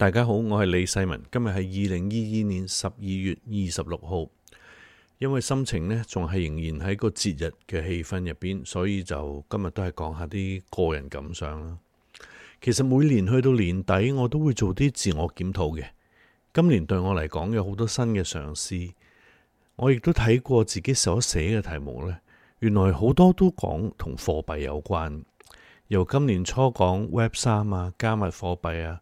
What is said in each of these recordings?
大家好，我係李世民。今日係二零二二年十二月二十六號，因為心情呢仲係仍然喺個節日嘅氣氛入邊，所以就今日都係講下啲個人感想啦。其實每年去到年底，我都會做啲自我檢討嘅。今年對我嚟講有好多新嘅嘗試，我亦都睇過自己所寫嘅題目呢，原來好多都講同貨幣有關，由今年初講 Web 三啊、加密貨幣啊。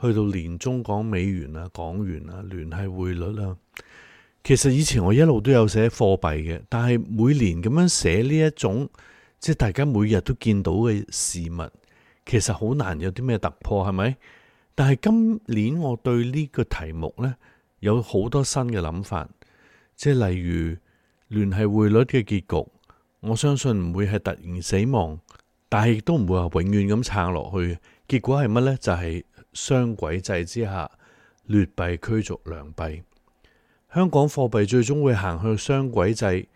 去到年中港美元啊、港元啊、聯繫匯率啊。其實以前我一路都有寫貨幣嘅，但係每年咁樣寫呢一種即係大家每日都見到嘅事物，其實好難有啲咩突破，係咪？但係今年我對呢個題目咧有好多新嘅諗法，即係例如聯繫匯率嘅結局，我相信唔會係突然死亡，但係亦都唔會話永遠咁撐落去。結果係乜咧？就係、是。雙軌制之下，劣幣驅逐良幣。香港貨幣最終會行向雙軌制。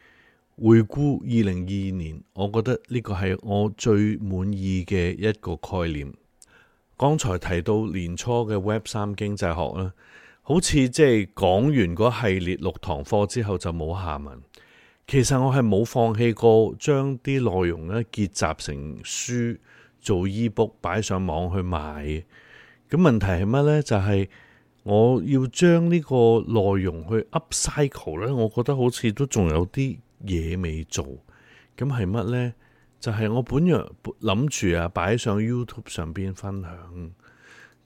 回顧二零二二年，我覺得呢個係我最滿意嘅一個概念。剛才提到年初嘅 Web 三經濟學啦，好似即係講完嗰系列六堂課之後就冇下文。其實我係冇放棄過將啲內容咧結集成書，做 ebook 擺上網去賣。咁問題係乜呢？就係、是、我要將呢個內容去 upcycle 呢，我覺得好似都仲有啲嘢未做。咁係乜呢？就係、是、我本來諗住啊，擺上 YouTube 上邊分享。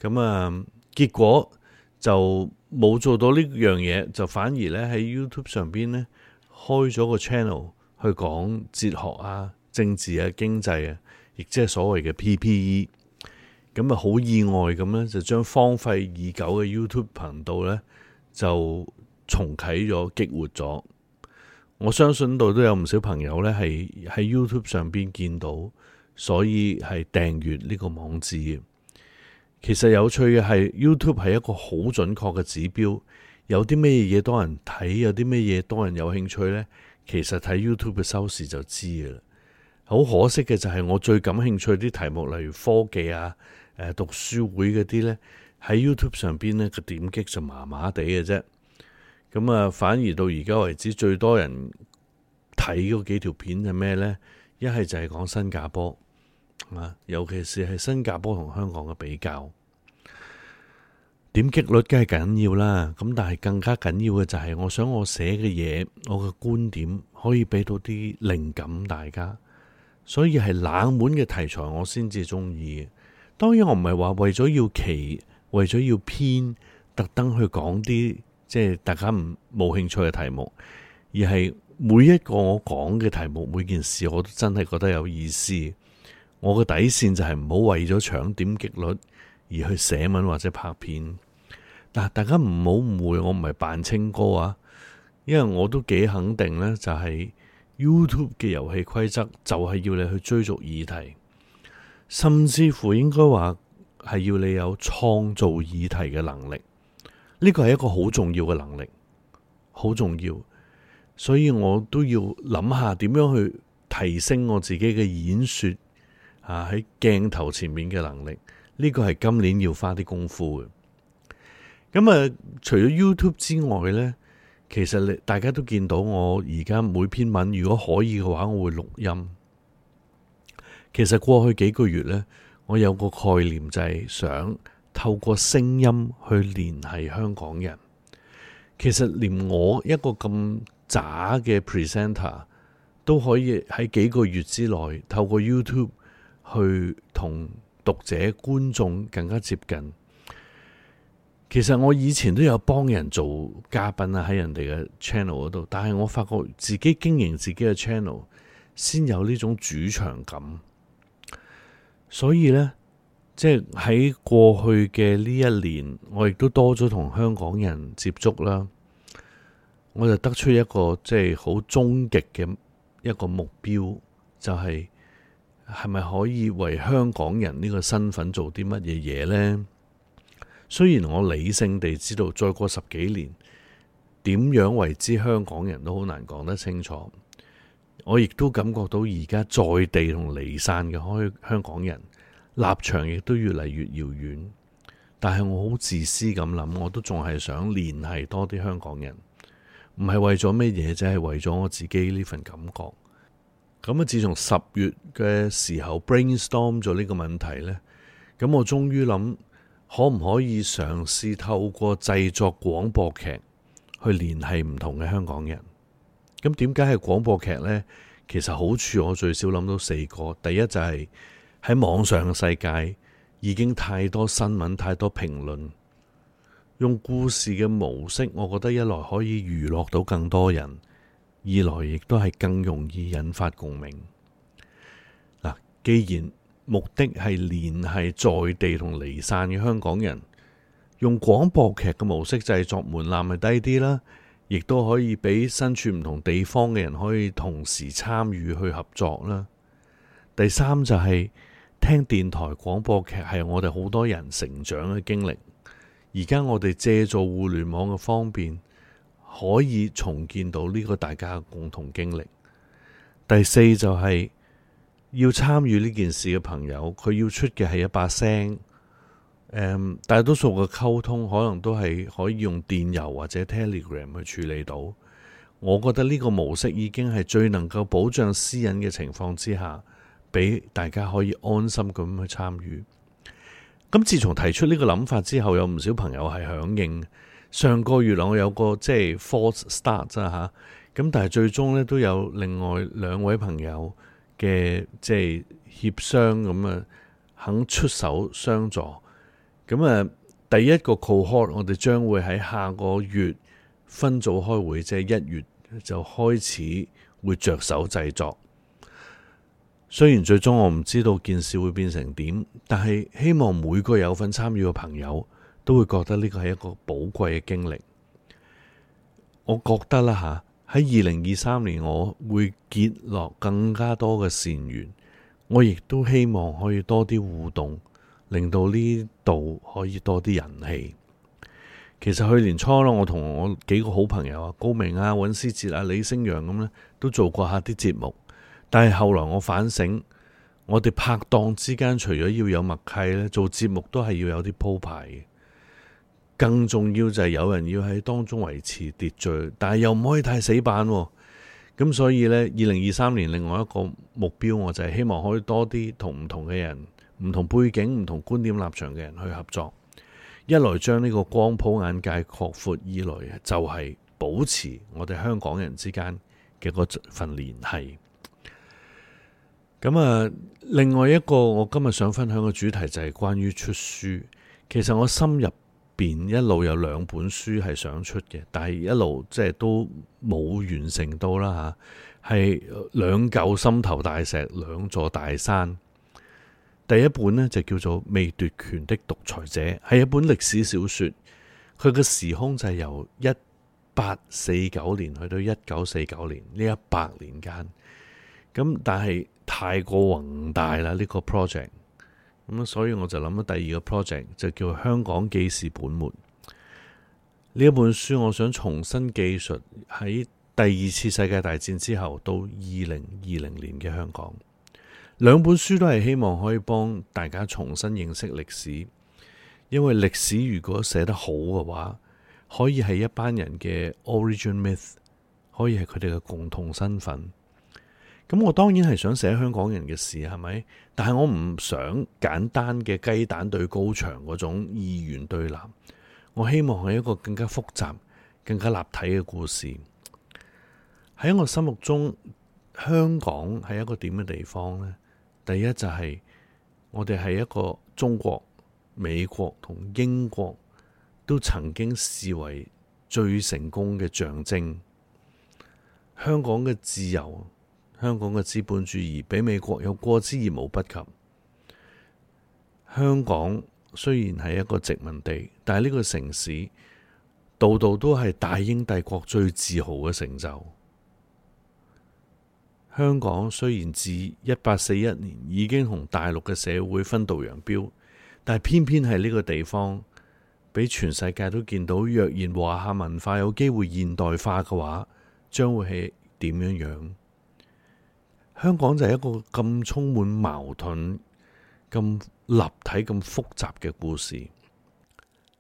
咁、嗯、啊，結果就冇做到呢樣嘢，就反而呢喺 YouTube 上邊呢開咗個 channel 去講哲學啊、政治啊、經濟啊，亦即係所謂嘅 PPE。咁啊，好意外咁咧，就將荒廢已久嘅 YouTube 頻道咧，就重啟咗，激活咗。我相信度都有唔少朋友咧，係喺 YouTube 上邊見到，所以係訂閱呢個網址。其實有趣嘅係 YouTube 係一個好準確嘅指標，有啲咩嘢多人睇，有啲咩嘢多人有興趣呢？其實睇 YouTube 嘅收視就知嘅啦。好可惜嘅就係我最感興趣啲題目，例如科技啊。誒，讀書會嗰啲呢，喺 YouTube 上邊呢個點擊就麻麻地嘅啫。咁啊，反而到而家為止最多人睇嗰幾條片係咩呢？一係就係講新加坡，尤其是係新加坡同香港嘅比較，點擊率梗係緊要啦。咁但係更加緊要嘅就係，我想我寫嘅嘢、我嘅觀點可以畀到啲靈感大家，所以係冷門嘅題材我先至中意。當然我唔係話為咗要奇，為咗要偏，特登去講啲即係大家唔冇興趣嘅題目，而係每一個我講嘅題目，每件事我都真係覺得有意思。我嘅底線就係唔好為咗搶點擊率而去寫文或者拍片。嗱，大家唔好誤會，我唔係扮清歌啊，因為我都幾肯定咧，就係 YouTube 嘅遊戲規則就係要你去追逐議題。甚至乎應該話係要你有創造議題嘅能力，呢個係一個好重要嘅能力，好重要。所以我都要諗下點樣去提升我自己嘅演說啊，喺鏡頭前面嘅能力，呢個係今年要花啲功夫嘅。咁啊，除咗 YouTube 之外呢，其實你大家都見到我而家每篇文，如果可以嘅話，我會錄音。其實過去幾個月呢，我有個概念就係想透過聲音去聯繫香港人。其實連我一個咁渣嘅 presenter 都可以喺幾個月之內透過 YouTube 去同讀者觀眾更加接近。其實我以前都有幫人做嘉賓啊，喺人哋嘅 channel 嗰度，但係我發覺自己經營自己嘅 channel 先有呢種主場感。所以呢，即係喺過去嘅呢一年，我亦都多咗同香港人接觸啦。我就得出一個即係好終極嘅一個目標，就係係咪可以為香港人呢個身份做啲乜嘢嘢呢？雖然我理性地知道，再過十幾年，點樣為之香港人都好難講得清楚。我亦都感覺到而家在，在地同離散嘅香香港人立場亦都越嚟越遙遠，但係我好自私咁諗，我都仲係想聯繫多啲香港人，唔係為咗咩嘢啫，係為咗我自己呢份感覺。咁啊，自從十月嘅時候 brainstorm 咗呢個問題呢，咁我終於諗可唔可以嘗試透過製作廣播劇去聯繫唔同嘅香港人。咁點解係廣播劇呢？其實好處我最少諗到四個。第一就係、是、喺網上嘅世界已經太多新聞、太多評論，用故事嘅模式，我覺得一來可以娛樂到更多人，二來亦都係更容易引發共鳴。嗱，既然目的係聯繫在地同離散嘅香港人，用廣播劇嘅模式製作門檻咪低啲啦。亦都可以畀身處唔同地方嘅人可以同時參與去合作啦。第三就係聽電台廣播劇係我哋好多人成長嘅經歷，而家我哋借助互聯網嘅方便，可以重建到呢個大家嘅共同經歷。第四就係要參與呢件事嘅朋友，佢要出嘅係一把聲。Um, 大多數嘅溝通可能都係可以用電郵或者 Telegram 去處理到。我覺得呢個模式已經係最能夠保障私隱嘅情況之下，俾大家可以安心咁去參與。咁自從提出呢個諗法之後，有唔少朋友係響應。上個月我有個即係 false start 啦、啊、嚇，咁但係最終呢都有另外兩位朋友嘅即係協商咁啊，肯出手相助。咁啊，第一個 cohort，我哋將會喺下個月分組開會，即係一月就開始會着手製作。雖然最終我唔知道件事會變成點，但係希望每個有份參與嘅朋友都會覺得呢個係一個寶貴嘅經歷。我覺得啦吓，喺二零二三年我會結落更加多嘅善緣，我亦都希望可以多啲互動。令到呢度可以多啲人氣。其實去年初咯，我同我幾個好朋友啊，高明啊、尹思哲啊、李星陽咁咧，都做過下啲節目。但係後來我反省，我哋拍檔之間，除咗要有默契咧，做節目都係要有啲鋪排嘅。更重要就係有人要喺當中維持秩序，但係又唔可以太死板。咁所以呢，二零二三年另外一個目標，我就係希望可以多啲同唔同嘅人。唔同背景、唔同觀點、立場嘅人去合作，一來將呢個光譜眼界擴闊，二來就係、是、保持我哋香港人之間嘅嗰份聯繫。咁啊，另外一個我今日想分享嘅主題就係關於出書。其實我心入邊一路有兩本書係想出嘅，但係一路即係都冇完成到啦嚇，係、啊、兩嚿心頭大石，兩座大山。第一本呢，嗯，就叫做《未奪權的獨裁者》，係一本歷史小說。佢嘅時空就係由一八四九年去到一九四九年呢一百年間。咁但係太過宏大啦呢個 project。咁所以我就諗咗第二個 project，就叫《香港紀事本末》。呢一本書，我想重新記述喺第二次世界大戰之後到二零二零年嘅香港。兩本書都係希望可以幫大家重新認識歷史，因為歷史如果寫得好嘅話，可以係一班人嘅 origin myth，可以係佢哋嘅共同身份。咁我當然係想寫香港人嘅事，係咪？但係我唔想簡單嘅雞蛋對高牆嗰種二元對立，我希望係一個更加複雜、更加立體嘅故事。喺我心目中，香港係一個點嘅地方呢？第一就係、是，我哋係一個中國、美國同英國都曾經視為最成功嘅象徵。香港嘅自由、香港嘅資本主義，比美國有過之而無不及。香港雖然係一個殖民地，但係呢個城市度度都係大英帝國最自豪嘅成就。香港雖然自一八四一年已經同大陸嘅社會分道揚鑣，但係偏偏係呢個地方俾全世界都見到，若然華夏文化有機會現代化嘅話，將會係點樣樣？香港就係一個咁充滿矛盾、咁立體、咁複雜嘅故事。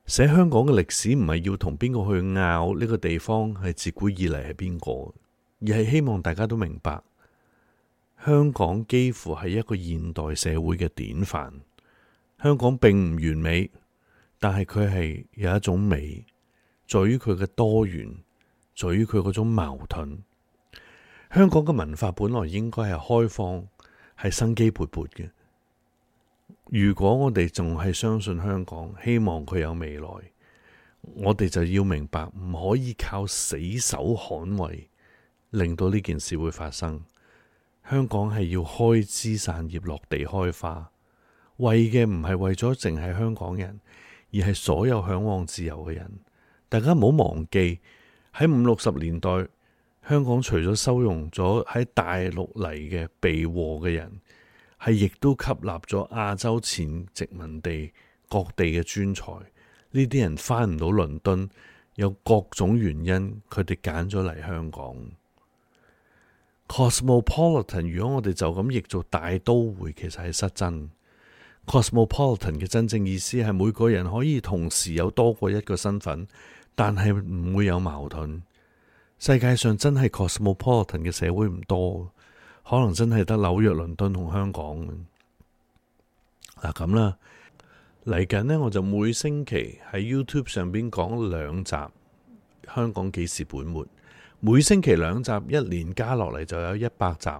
寫香港嘅歷史唔係要同邊個去拗，呢個地方係自古以嚟係邊個，而係希望大家都明白。香港幾乎係一個現代社會嘅典範。香港並唔完美，但係佢係有一種美，在於佢嘅多元，在於佢嗰種矛盾。香港嘅文化本來應該係開放，係生機勃勃嘅。如果我哋仲係相信香港，希望佢有未來，我哋就要明白，唔可以靠死守捍衛，令到呢件事會發生。香港係要開枝散葉、落地開花，為嘅唔係為咗淨係香港人，而係所有向往自由嘅人。大家唔好忘記，喺五六十年代，香港除咗收容咗喺大陸嚟嘅被禍嘅人，係亦都吸納咗亞洲前殖民地各地嘅專才。呢啲人翻唔到倫敦，有各種原因，佢哋揀咗嚟香港。cosmopolitan 如果我哋就咁譯做大都會，其實係失真。cosmopolitan 嘅真正意思係每個人可以同時有多過一個身份，但係唔會有矛盾。世界上真係 cosmopolitan 嘅社會唔多，可能真係得紐約、倫敦同香港。嗱咁啦，嚟緊呢，我就每星期喺 YouTube 上邊講兩集《香港幾時本末》。每星期兩集，一年加落嚟，就有一百集，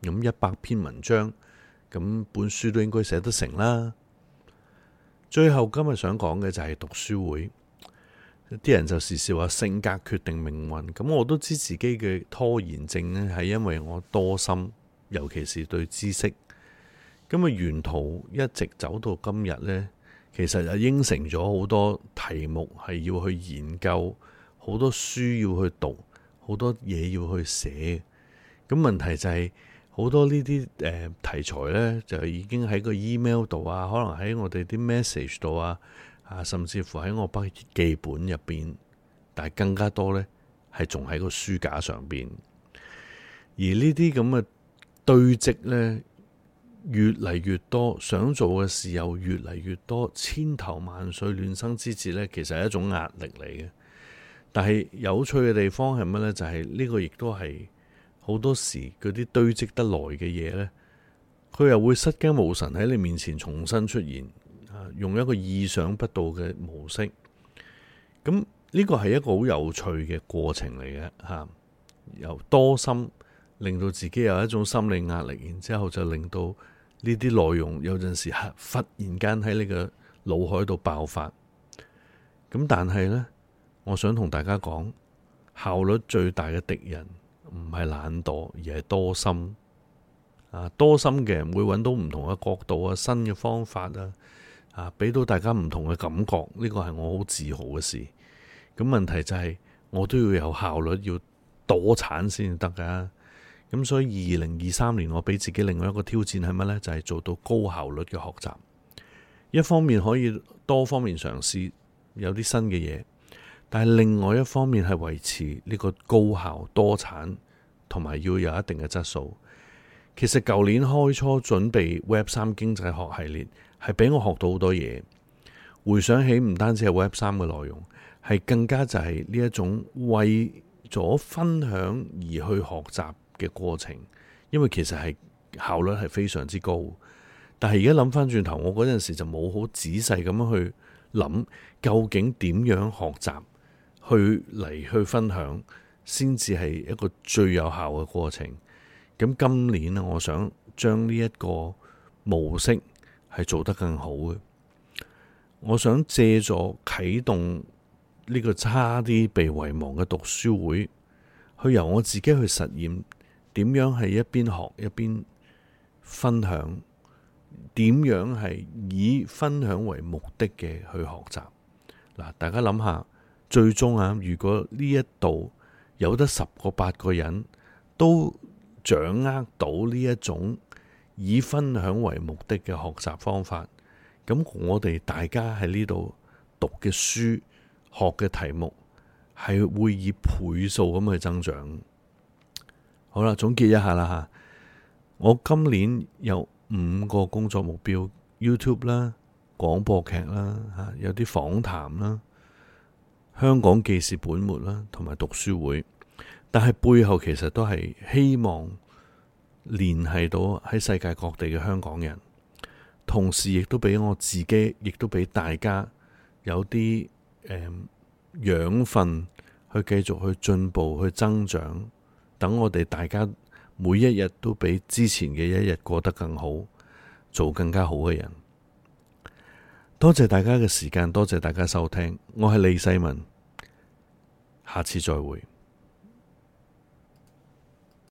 咁一百篇文章，咁本書都應該寫得成啦。最後今日想講嘅就係讀書會，啲人就時時話性格決定命運。咁我都知自己嘅拖延症呢，係因為我多心，尤其是對知識。咁啊，沿途一直走到今日呢，其實就應承咗好多題目，係要去研究，好多書要去讀。好多嘢要去寫，咁問題就係好多呢啲誒題材呢，就已經喺個 email 度啊，可能喺我哋啲 message 度啊，啊，甚至乎喺我筆記本入邊，但係更加多呢，係仲喺個書架上邊。而呢啲咁嘅堆積呢，越嚟越多，想做嘅事又越嚟越多，千頭萬緒亂生枝節呢，其實係一種壓力嚟嘅。但係有趣嘅地方係乜呢？就係、是、呢個亦都係好多時嗰啲堆積得來嘅嘢呢，佢又會失驚無神喺你面前重新出現，用一個意想不到嘅模式。咁、嗯、呢、這個係一個好有趣嘅過程嚟嘅，吓、嗯、由多心令到自己有一種心理壓力，然之後就令到呢啲內容有陣時、啊、忽然間喺你嘅腦海度爆發。咁、嗯、但係呢。我想同大家講，效率最大嘅敵人唔係懶惰，而係多心啊。多心嘅人會揾到唔同嘅角度啊，新嘅方法啊，啊，俾到大家唔同嘅感覺。呢個係我好自豪嘅事。咁問題就係、是、我都要有效率，要多產先得噶。咁所以二零二三年我俾自己另外一個挑戰係乜呢？就係、是、做到高效率嘅學習。一方面可以多方面嘗試，有啲新嘅嘢。但係另外一方面係維持呢個高效多產，同埋要有一定嘅質素。其實舊年開初準備 Web 三經濟學系列，係俾我學到好多嘢。回想起唔單止係 Web 三嘅內容，係更加就係呢一種為咗分享而去學習嘅過程。因為其實係效率係非常之高。但係而家諗翻轉頭，我嗰陣時就冇好仔細咁樣去諗，究竟點樣學習？去嚟去分享，先至係一個最有效嘅過程。咁今年我想將呢一個模式係做得更好嘅。我想借助啟動呢個差啲被遺忘嘅讀書會去由我自己去實驗點樣係一邊學一邊分享，點樣係以分享為目的嘅去學習嗱。大家諗下。最終啊，如果呢一度有得十個八個人都掌握到呢一種以分享為目的嘅學習方法，咁我哋大家喺呢度讀嘅書、學嘅題目，係會以倍數咁去增長。好啦，總結一下啦吓，我今年有五個工作目標：YouTube 啦、廣播劇啦、吓有啲訪談啦。香港記事本末啦，同埋讀書會，但係背後其實都係希望聯繫到喺世界各地嘅香港人，同時亦都俾我自己，亦都俾大家有啲誒、呃、養分去繼續去進步、去增長，等我哋大家每一日都比之前嘅一日過得更好，做更加好嘅人。多謝大家嘅時間，多謝大家收聽，我係李世民，下次再會。